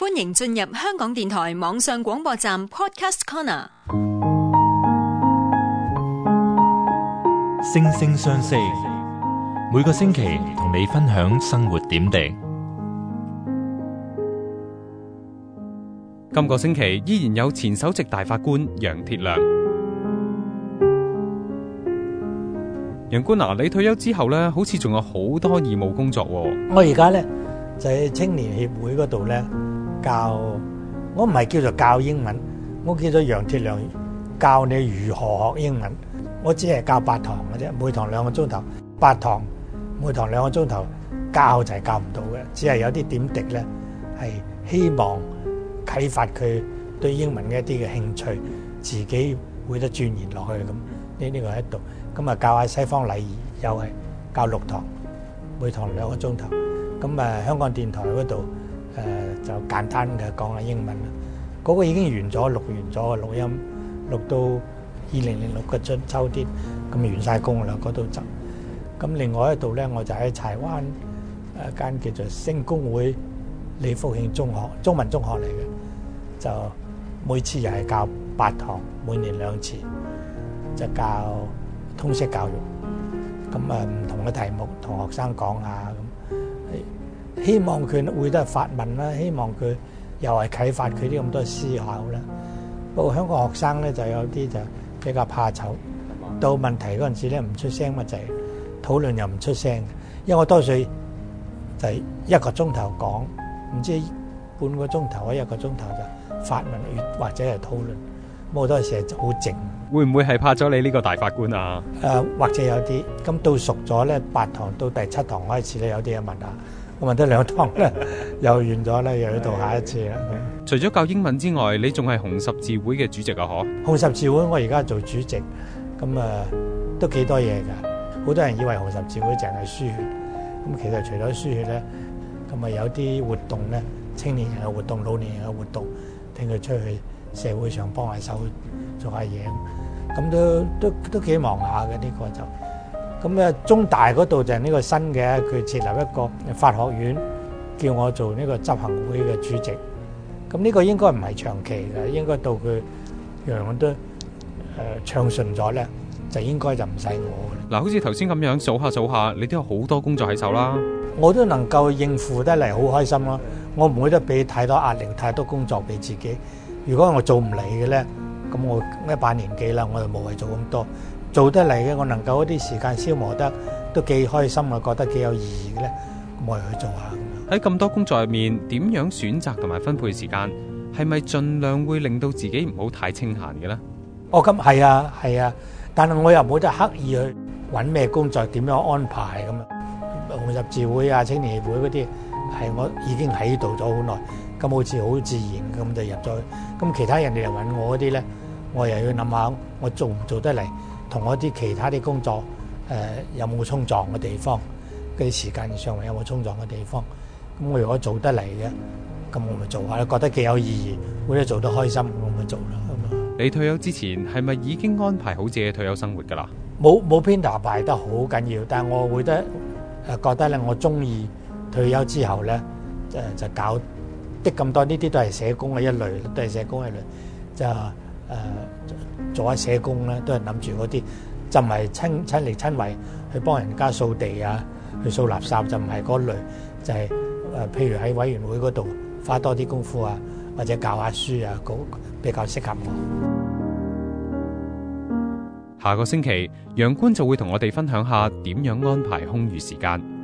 歡迎進入香港電台網上廣播站 Podcast Corner，星聲相識，每個星期同你分享生活點滴。今個星期依然有前首席大法官楊鐵樑、楊官嗱。你退休之後咧，好似仲有好多義務工作。我而家咧就喺青年協會嗰度咧。教我唔係叫做教英文，我叫做楊鐵樑教你如何學英文。我只係教八堂嘅啫，每堂兩個鐘頭，八堂每堂兩個鐘頭教就係教唔到嘅，只係有啲點滴咧係希望啟發佢對英文嘅一啲嘅興趣，自己會得鑽研落去咁。呢呢個喺度，咁啊教下西方禮儀又係教六堂，每堂兩個鐘頭。咁啊香港電台嗰度。誒、呃、就簡單嘅講下英文啦，嗰、那個已經完咗，錄完咗嘅錄音，錄到二零零六嘅春秋天，咁完晒工啦，嗰度就。咁另外一度咧，我就喺柴灣誒間、啊、叫做聖公會李福慶中學，中文中學嚟嘅，就每次又係教八堂，每年兩次，就教通識教育，咁啊，唔同嘅題目同學生講下咁。希望佢會得發問啦，希望佢又係啟發佢啲咁多思考啦。不過香港學生咧就有啲就比較怕醜，到問題嗰陣時咧唔出聲乜滯，就係、討論又唔出聲。因為我多數就係一個鐘頭講，唔知半個鐘頭或者一個鐘頭就發問，或者係討論，冇多時係好靜。會唔會係怕咗你呢個大法官啊？誒、啊，或者有啲咁到熟咗咧，八堂到第七堂開始咧，有啲嘢問啊。我問得兩堂咧，又完咗咧，又要到下一次啦。 除咗教英文之外，你仲係紅十字會嘅主席啊？嗬！紅十字會我而家做主席，咁啊都幾多嘢㗎。好多人以為紅十字會淨係輸血，咁其實除咗輸血咧，咁啊有啲活動咧，青年人嘅活動、老年人嘅活動，聽佢出去社會上幫下手做下嘢，咁都都都幾忙下嘅呢個就。咁咧，中大嗰度就係呢個新嘅，佢設立一個法學院，叫我做呢個執行會嘅主席。咁呢個應該唔係長期嘅，應該到佢樣樣都誒、呃、暢順咗咧，就應該就唔使我。嗱，好似頭先咁樣數下數下，你都有好多工作喺手啦。我都能夠應付得嚟，好開心咯。我唔會得俾太多壓力、太多工作俾自己。如果我做唔嚟嘅咧，咁我一把年紀啦，我就無謂做咁多。做得嚟嘅，我能夠一啲時間消磨得都幾開心，我覺得幾有意義嘅咧，咁我又去做下。喺咁多工作入面，點樣選擇同埋分配時間，係咪盡量會令到自己唔好太清閒嘅咧？哦，咁係啊，係啊，但係我又冇得刻意去揾咩工作，點樣安排咁樣。紅十字會啊、青年協會嗰啲係我已經喺度咗好耐，咁好似好自然咁就入咗去。咁其他人哋又揾我嗰啲咧，我又要諗下我做唔做得嚟。同我啲其他啲工作，誒有冇衝撞嘅地方？嗰啲時間上邊有冇衝撞嘅地方？咁我如果做得嚟嘅，咁我咪做下咯。覺得幾有意義，或者做得開心，我咪做啦。咁啊，你退休之前係咪已經安排好自己退休生活㗎啦？冇冇編排得好緊要，但係我會得誒覺得咧，我中意退休之後咧誒就搞啲咁多呢啲都係社工嘅一類，都係社工嘅一類就。誒、呃、做下社工咧，都係諗住嗰啲，就唔係親親力親為去幫人家掃地啊，去掃垃圾就唔係嗰類，就係、是、誒、呃，譬如喺委員會嗰度花多啲功夫啊，或者教下書啊，比較適合我。下個星期，楊官就會同我哋分享下點樣安排空餘時間。